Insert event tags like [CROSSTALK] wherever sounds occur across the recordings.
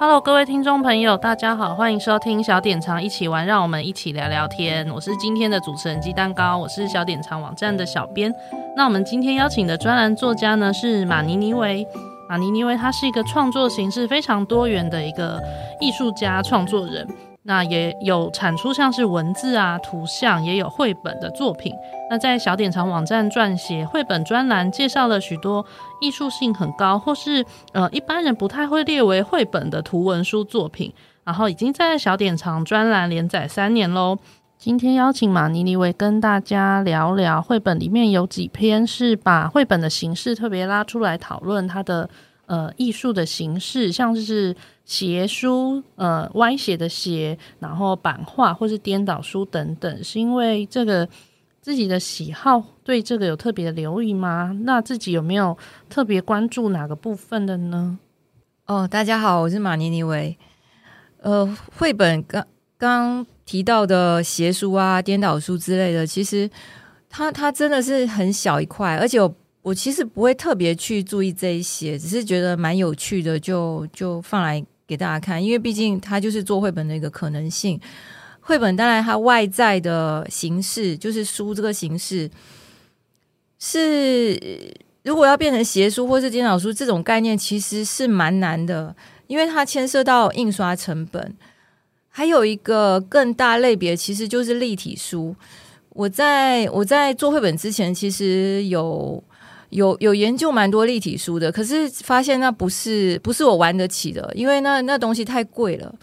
哈囉，各位聽眾朋友，大家好，歡迎收聽小典藏一起玩，讓我們一起聊聊天。我是今天的主持人雞蛋糕，我是小典藏網站的小編。那我們今天邀請的專欄作家呢，是馬尼尼為，馬尼尼為他是一個創作形式非常多元的一個藝術家、創作人。那也有產出，像是文字啊、圖像，也有繪本的作品。那在小典藏網站撰寫繪本專欄，介紹了許多藝術性很高，或是呃一般人不太會列為繪本的圖文書作品。然後已經在小典藏專欄連載三年嘍。今天邀請馬尼尼為跟大家聊聊繪本裡面有幾篇是把繪本的形式特別拉出來討論它的呃藝術的形式，像是。斜書，呃，歪斜的斜，然後版畫或是顛倒書等等，是因為這個自己的喜好對這個有特別的留意嗎？那自己有沒有特別關注哪個部分的呢？哦，大家好，我是馬尼尼為。呃，繪本剛剛提到的斜書啊、顛倒書之類的，其實它、它真的是很小一塊，而且我我其實不會特別去注意這一些，只是覺得蠻有趣的，就就放來給大家看，因為畢竟它就是做繪本的一個可能性。繪本當然它外在的形式，就是書這個形式。是如果要變成斜書或是顛倒書這種概念，其實是蠻難的，因為它牽涉到印刷成本。還有一個更大類別，其實就是立體書。我在我在做繪本之前，其實有。有有研究蠻多立體書的，可是發現那不是不是我玩得起的，因為那那東西太貴了。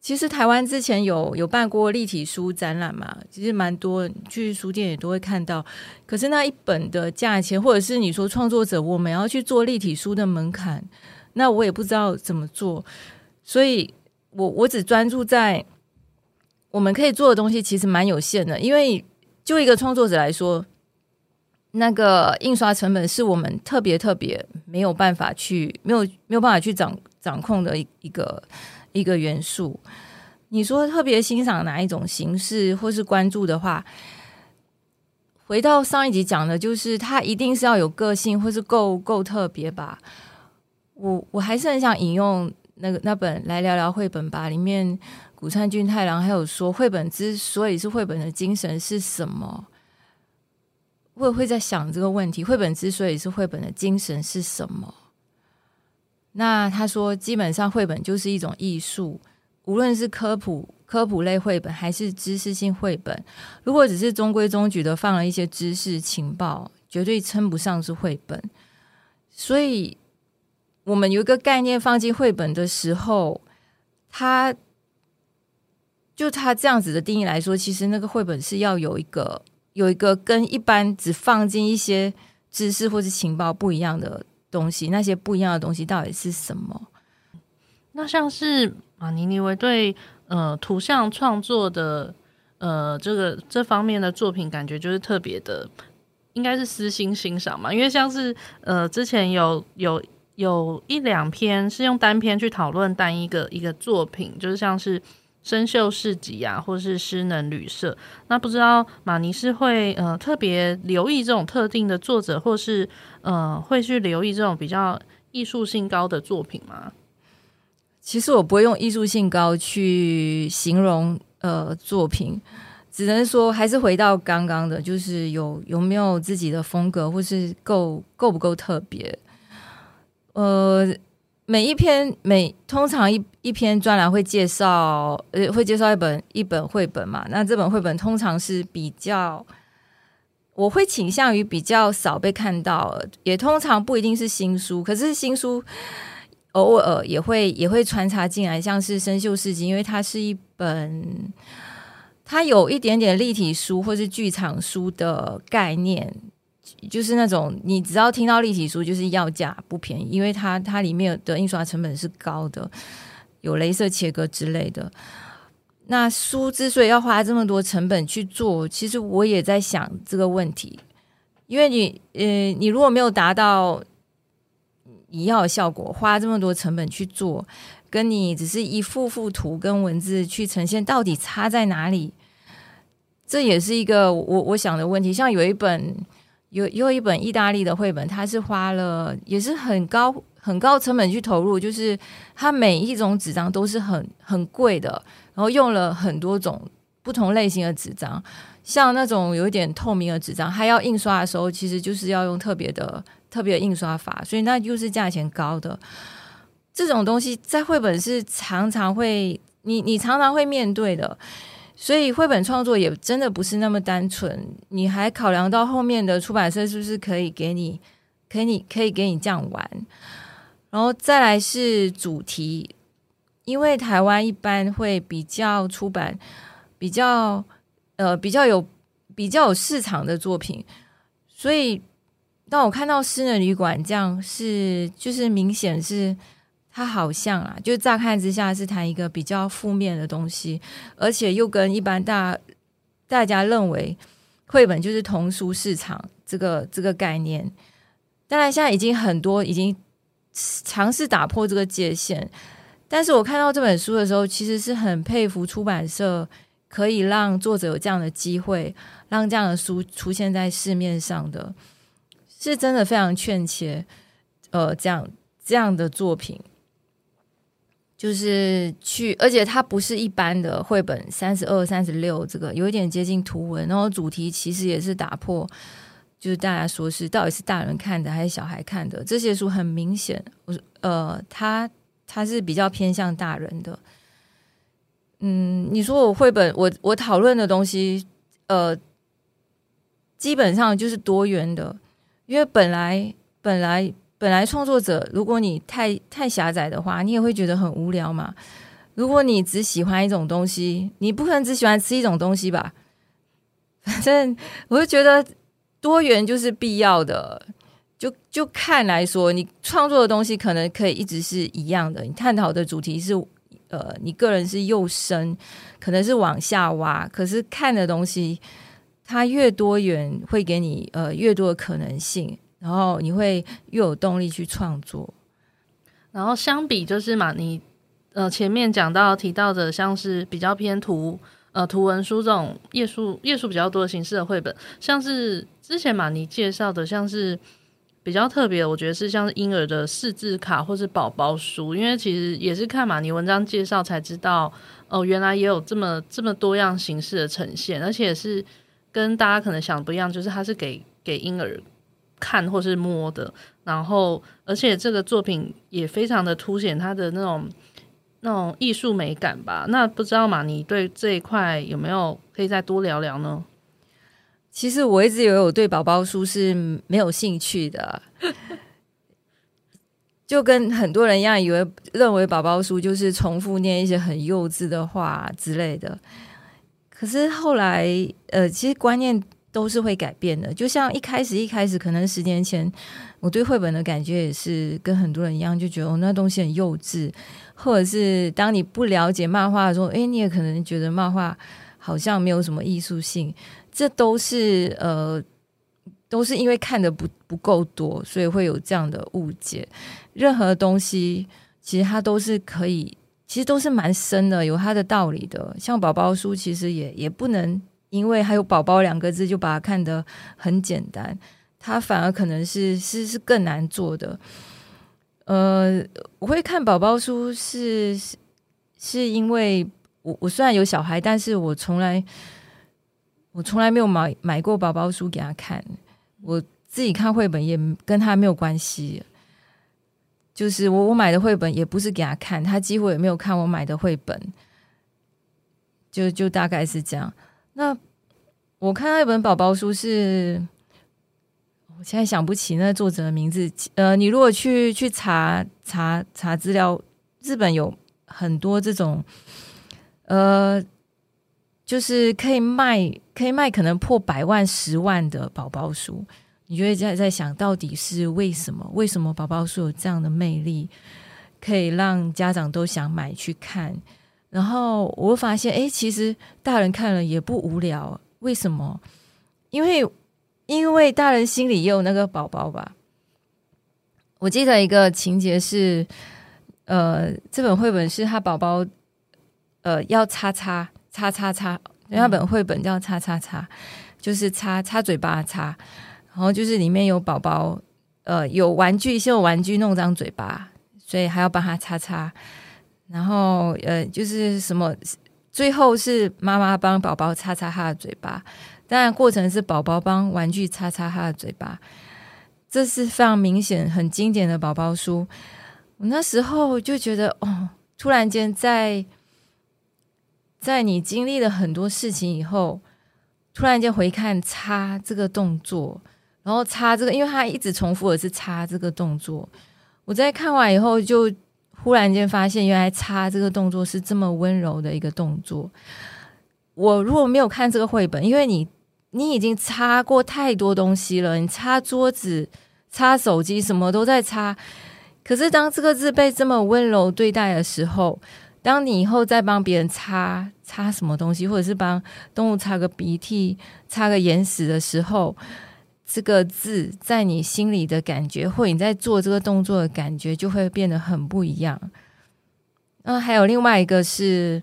其實台灣之前有有辦過立體書展覽嘛，其實蠻多，去書店也都會看到。可是那一本的價錢，或者是你說創作者我們要去做立體書的門檻，那我也不知道怎麼做。所以我我只專注在我們可以做的東西，其實蠻有限的，因為就一個創作者來說。那個印刷成本是我們特別特別沒有辦法去沒有沒有辦法去掌掌控的一個一個元素。你說特別欣賞哪一種形式或是關注的話，回到上一集講的，就是它一定是要有個性或是夠夠特別吧。我我還是很想引用那個那本來聊聊繪本吧，裡面谷川俊太郎還有說，繪本之所以是繪本的精神是什麼？我也會在想這個問題：繪本之所以是繪本的精神是什麼？那他說，基本上繪本就是一種藝術，無論是科普科普類繪本還是知識性繪本，如果只是中規中矩的放了一些知識情報，絕對稱不上是繪本。所以，我們有一個概念放進繪本的時候，它就它這樣子的定義來說，其實那個繪本是要有一個。有一個跟一般只放進一些知識或是情報不一樣的東西，那些不一樣的東西到底是什麼？那像是馬尼尼為對呃圖像創作的呃這個這方面的作品，感覺就是特別的，應該是私心欣賞嘛。因為像是呃之前有有有一兩篇是用單篇去討論單一個一個作品，就是像是。生鏽市集啊，或是失能旅社，那不知道馬尼是會呃特別留意這種特定的作者，或是呃會去留意這種比較藝術性高的作品嗎？其實我不會用藝術性高去形容呃作品，只能說還是回到剛剛的，就是有有沒有自己的風格，或是夠夠不夠特別，呃。每一篇每通常一一篇專欄會介紹，呃，會介紹一本一本繪本嘛。那這本繪本通常是比較，我會傾向於比較少被看到，也通常不一定是新書。可是新書偶爾也會也會穿插進來，像是《生鏽世紀》，因為它是一本，它有一點點立體書或是劇場書的概念。就是那種，你只要聽到立體書，就是要價不便宜，因為它它裡面的印刷成本是高的，有鐳射切割之類的。那書之所以要花這麼多成本去做，其實我也在想這個問題，因為你，呃，你如果沒有達到你要的效果，花這麼多成本去做，跟你只是一幅幅圖跟文字去呈現，到底差在哪裡？這也是一個我我想的問題。像有一本。有有一本意大利的繪本，它是花了也是很高很高成本去投入，就是它每一種紙張都是很很貴的，然後用了很多種不同類型的紙張，像那種有一點透明的紙張，它要印刷的時候其實就是要用特別的特別的印刷法，所以那就是價錢高的。這種東西在繪本是常常會你你常常會面對的。所以繪本創作也真的不是那麼單純，你還考量到後面的出版社是不是可以給你、可以、可以給你這樣玩。然後再來是主題，因為台灣一般會比較出版、比較呃、比較有、比較有市場的作品，所以當我看到私人旅館這樣是，就是明顯是。他好像啊，就乍看之下是談一個比較負面的東西，而且又跟一般大大家認為繪本就是童書市場這個這個概念。當然現在已經很多已經嘗試打破這個界限，但是我看到這本書的時候，其實是很佩服出版社可以讓作者有這樣的機會，讓這樣的書出現在市面上的，是真的非常勸切。呃，這樣這樣的作品。就是去，而且它不是一般的繪本，三十二、三十六，這個有一點接近圖文，然後主題其實也是打破，就是大家說是到底是大人看的還是小孩看的，這些書很明顯，我呃，它它是比較偏向大人的，嗯，你說我繪本，我我討論的東西，呃，基本上就是多元的，因為本來本來。本來創作者，如果你太太狹窄的話，你也會覺得很無聊嘛。如果你只喜歡一種東西，你不可能只喜歡吃一種東西吧？反正我就覺得多元就是必要的。就就看來說，你創作的東西可能可以一直是一樣的，你探討的主題是呃，你個人是又深，可能是往下挖。可是看的東西，它越多元，會給你呃越多的可能性。然後你會又有動力去創作，然後相比就是馬尼呃，前面講到提到的像是比較偏圖呃圖文書這種頁數頁數比較多的形式的繪本，像是之前馬尼介紹的像是比較特別的，我覺得是像是嬰兒的識字卡或是寶寶書，因為其實也是看馬尼文章介紹才知道哦、呃，原來也有這麼這麼多樣形式的呈現，而且是跟大家可能想的不一樣，就是它是給給嬰兒。看或是摸的，然後而且這個作品也非常的凸顯它的那種那種藝術美感吧。那不知道嘛，你對這一塊有沒有可以再多聊聊呢？其實我一直以為我對寶寶書是沒有興趣的， [LAUGHS] 就跟很多人一樣，以為認為寶寶書就是重複念一些很幼稚的話之類的。可是後來，呃，其實觀念。都是會改變的，就像一開始，一開始可能十年前，我對繪本的感覺也是跟很多人一樣，就覺得哦，那東西很幼稚，或者是當你不了解漫畫的時候，誒，你也可能覺得漫畫好像沒有什麼藝術性。這都是呃，都是因為看得不不夠多，所以會有這樣的誤解。任何東西其實它都是可以，其實都是蠻深的，有它的道理的。像寶寶書，其實也也不能。因為還有“寶寶”兩個字，就把它看得很簡單。它反而可能是是是更難做的。呃，我會看寶寶書是是因為我我雖然有小孩，但是我從來我從來沒有買買過寶寶書給他看。我自己看繪本也跟他沒有關係。就是我我買的繪本也不是給他看，他幾乎也沒有看我買的繪本。就就大概是這樣。那我看到一本寶寶書是，我現在想不起那作者的名字。呃，你如果去去查查查資料，日本有很多這種，呃，就是可以賣可以賣可能破百萬、十萬的寶寶書。你就會在在想到底是為什麼？為什麼寶寶書有這樣的魅力，可以讓家長都想買去看？然後我發現，哎，其實大人看了也不無聊。為什麼？因為因為大人心裡也有那個寶寶吧。我記得一個情節是，呃，這本繪本是他寶寶，呃，要擦擦擦擦擦，那本繪本叫擦擦擦，就是擦擦嘴巴擦。然後就是裡面有寶寶，呃，有玩具，先有玩具弄髒嘴巴，所以還要幫他擦擦。然後，呃，就是什麼，最後是媽媽幫寶寶擦擦他的嘴巴，當然過程是寶寶幫玩具擦擦他的嘴巴，這是非常明顯很經典的寶寶書。我那時候就覺得，哦，突然間在在你經歷了很多事情以後，突然間回看擦這個動作，然後擦這個，因為他一直重複的是擦這個動作。我在看完以後就。忽然間發現，原來擦這個動作是這麼溫柔的一個動作。我如果沒有看這個繪本，因為你你已經擦過太多東西了，你擦桌子、擦手機，什麼都在擦。可是當這個字被這麼溫柔對待的時候，當你以後再幫別人擦擦什麼東西，或者是幫動物擦個鼻涕、擦個眼屎的時候，這個字在你心裡的感覺，或你在做這個動作的感覺，就會變得很不一樣。那還有另外一個是，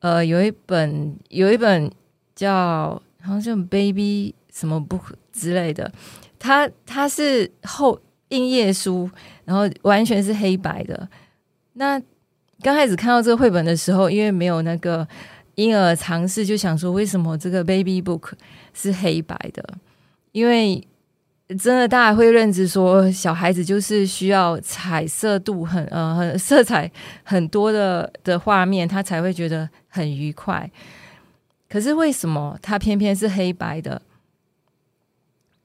呃，有一本有一本叫好像叫 baby 什麼 book 之類的，它它是後硬頁書，然後完全是黑白的。那剛開始看到這個繪本的時候，因為沒有那個嬰兒嘗試，就想說為什麼這個 baby book 是黑白的？因為真的，大家會認知說，小孩子就是需要彩色度很、呃、很色彩很多的的畫面，他才會覺得很愉快。可是為什麼他偏偏是黑白的？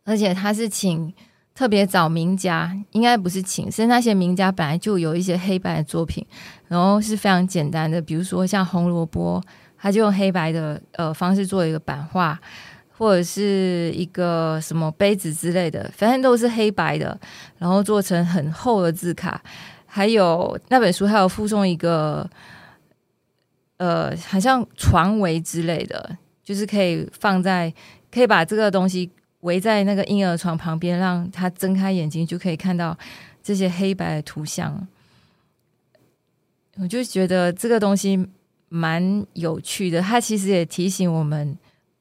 而且他是請特別找名家，應該不是請，是那些名家本來就有一些黑白的作品，然後是非常簡單的，比如說像紅蘿蔔，他就用黑白的呃方式做一個版畫。或者是一個什麼杯子之類的，反正都是黑白的，然後做成很厚的字卡。還有那本書，還有附送一個，呃，好像床圍之類的，就是可以放在，可以把這個東西圍在那個嬰兒床旁邊，讓他睜開眼睛就可以看到這些黑白的圖像。我就覺得這個東西蠻有趣的，它其實也提醒我們。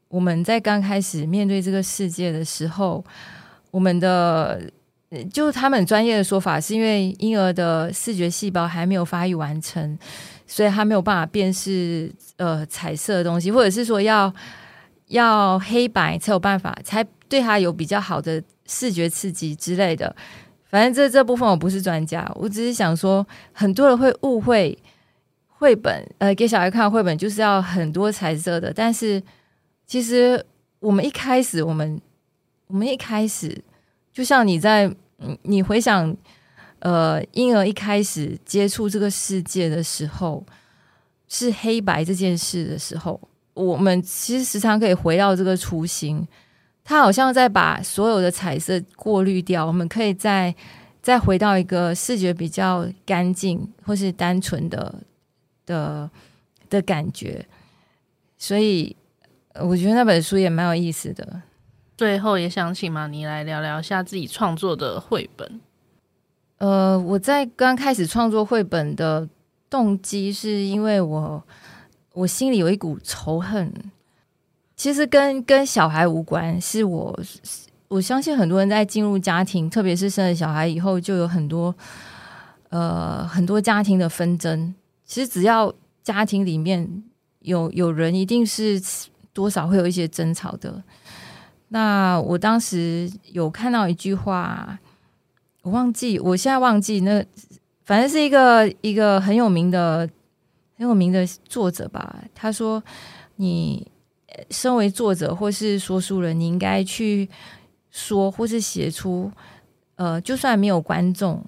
我們在剛開始面對這個世界的時候，我們的就是他們專業的說法，是因為嬰兒的視覺細胞還沒有發育完成，所以他沒有辦法辨識呃彩色的東西，或者是說要要黑白才有辦法才對他有比較好的視覺刺激之類的。反正這這部分我不是專家，我只是想說，很多人會誤會繪本，呃，給小孩看繪本就是要很多彩色的，但是。其實，我們一開始，我們，我們一開始，就像你在，你回想，呃，嬰兒一開始接觸這個世界的時候，是黑白這件事的時候，我們其實時常可以回到這個初心，它好像在把所有的彩色過濾掉，我們可以再再回到一個視覺比較乾淨或是單純的的的感覺，所以。我覺得那本書也蠻有意思的。最後也想請馬尼來聊聊一下自己創作的繪本。呃，我在剛開始創作繪本的動機，是因為我我心裡有一股仇恨，其實跟跟小孩無關，是我我相信很多人在進入家庭，特別是生了小孩以後，就有很多呃很多家庭的紛爭。其實只要家庭裡面有有人，一定是。多少會有一些爭吵的。那我當時有看到一句話，我忘記，我現在忘記。那反正是一個一個很有名的、很有名的作者吧。他說：“你身為作者或是說書人，你應該去說或是寫出，呃，就算沒有觀眾，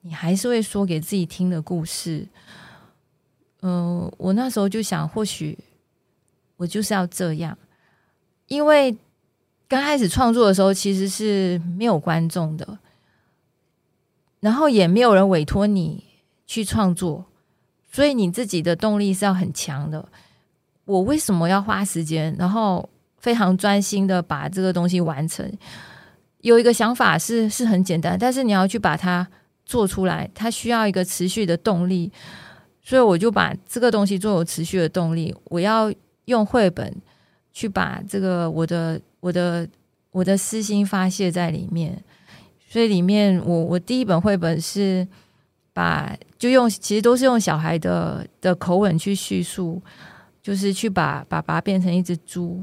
你還是會說給自己聽的故事。”呃，嗯，我那時候就想，或許。我就是要這樣，因為剛開始創作的時候其實是沒有觀眾的，然後也沒有人委託你去創作，所以你自己的動力是要很強的。我為什麼要花時間，然後非常專心地把這個東西完成？有一個想法是是很簡單，但是你要去把它做出來，它需要一個持續的動力。所以我就把這個東西做有持續的動力，我要，用繪本去把這個我的我的我的私心發洩在裡面，所以裡面我我第一本繪本是把就用其實都是用小孩的的口吻去敘述，就是去把爸爸變成一隻豬，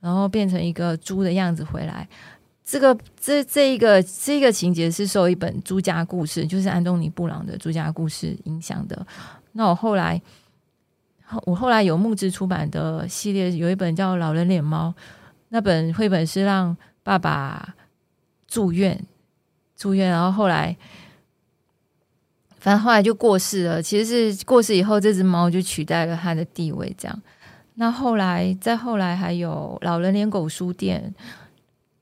然後變成一個豬的樣子回來。這個這這一個這個情節是受一本《豬家故事》，就是安東尼布朗的《朱家故事》影響的。那我後來。我後來有木制出版的系列，有一本叫《老人臉貓》，那本繪本是讓爸爸住院，住院，然後後來，反正後來就過世了。其實是過世以後，這只貓就取代了他的地位，這樣。那後來，再後來，還有《老人臉狗書店》，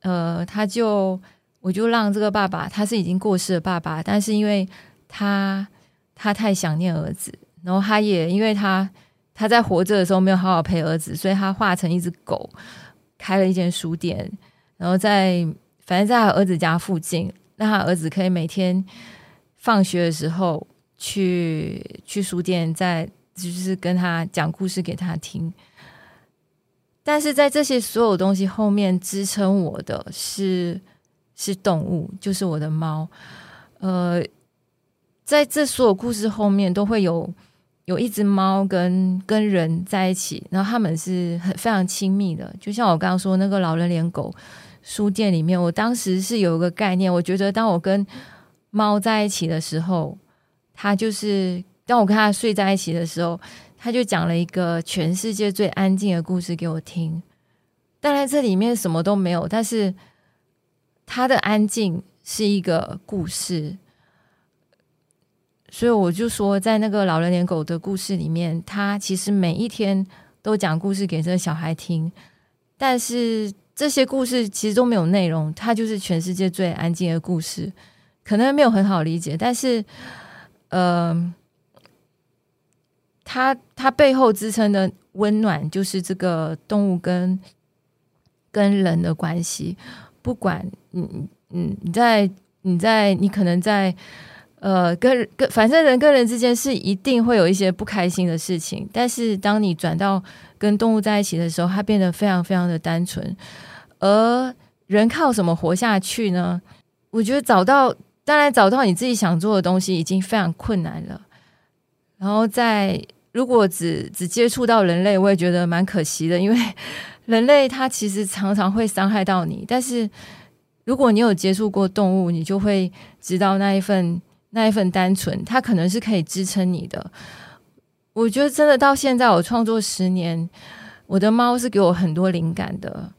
呃，他就我就讓這個爸爸，他是已經過世的爸爸，但是因為他他太想念兒子，然後他也因為他。他在活着的時候沒有好好陪兒子，所以他化成一隻狗，開了一間書店，然後在反正在他兒子家附近，讓他兒子可以每天放學的時候去去書店，再就是跟他講故事給他聽。但是在這些所有東西後面支撐我的是是動物，就是我的貓。呃，在這所有故事後面都會有。有一隻貓跟跟人在一起，然後他們是很非常親密的，就像我剛剛說那個老人臉狗書店裡面，我當時是有一個概念，我覺得當我跟貓在一起的時候，它就是當我跟它睡在一起的時候，它就講了一個全世界最安靜的故事給我聽。當然這裡面什麼都沒有，但是它的安靜是一個故事。所以我就說，在那個老人連狗的故事裡面，他其實每一天都講故事給這個小孩聽，但是這些故事其實都沒有內容，它就是全世界最安靜的故事，可能沒有很好理解，但是，呃，它它背後支撐的溫暖就是這個動物跟跟人的關係，不管你嗯你在你在你可能在。呃，跟跟，反正人跟人之間是一定會有一些不開心的事情。但是當你轉到跟動物在一起的時候，它變得非常非常的單純。而人靠什麼活下去呢？我覺得找到，當然找到你自己想做的東西已經非常困難了。然後在如果只只接觸到人類，我也覺得蠻可惜的，因為人類他其實常常會傷害到你。但是如果你有接觸過動物，你就會知道那一份。那一份單純，它可能是可以支撐你的。我覺得真的到現在，我創作十年，我的貓是給我很多靈感的。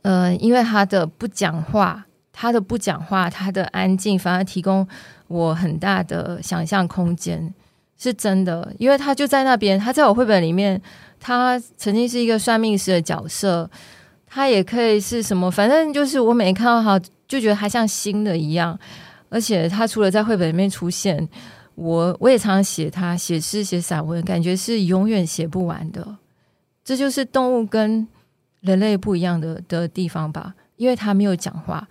呃，因為它的不講話，它的不講話，它的安靜，反而提供我很大的想象空間。是真的，因為它就在那邊，它在我繪本裡面，它曾經是一個算命師的角色，它也可以是什麼，反正就是我每看到它，就覺得它像新的一樣。而且他除了在繪本裡面出現，我我也常常寫他寫詩、寫散文，感覺是永遠寫不完的。這就是動物跟人類不一樣的的地方吧，因為他沒有講話。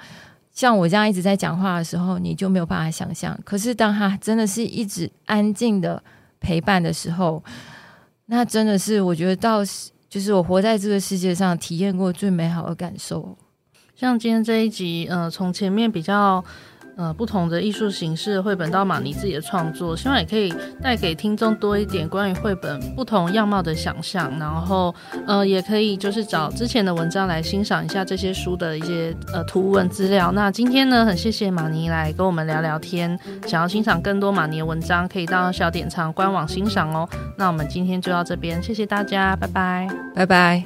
像我這樣一直在講話的時候，你就沒有辦法想象。可是當他真的是一直安靜的陪伴的時候，那真的是我覺得到就是我活在這個世界上體驗過最美好的感受。像今天這一集，呃，從前面比較。呃，不同的藝術形式，繪本到馬尼自己的創作，希望也可以帶給聽眾多一點關於繪本不同樣貌的想象。然後，呃，也可以就是找之前的文章來欣賞一下這些書的一些呃圖文資料。那今天呢，很謝謝馬尼來跟我們聊聊天。想要欣賞更多馬尼的文章，可以到小典藏官網欣賞哦。那我們今天就到這邊，謝謝大家，拜拜，拜拜。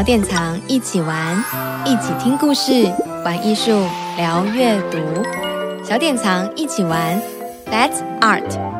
小典藏一起玩，一起聽故事，玩藝術，聊閱讀。小典藏一起玩，That's Art。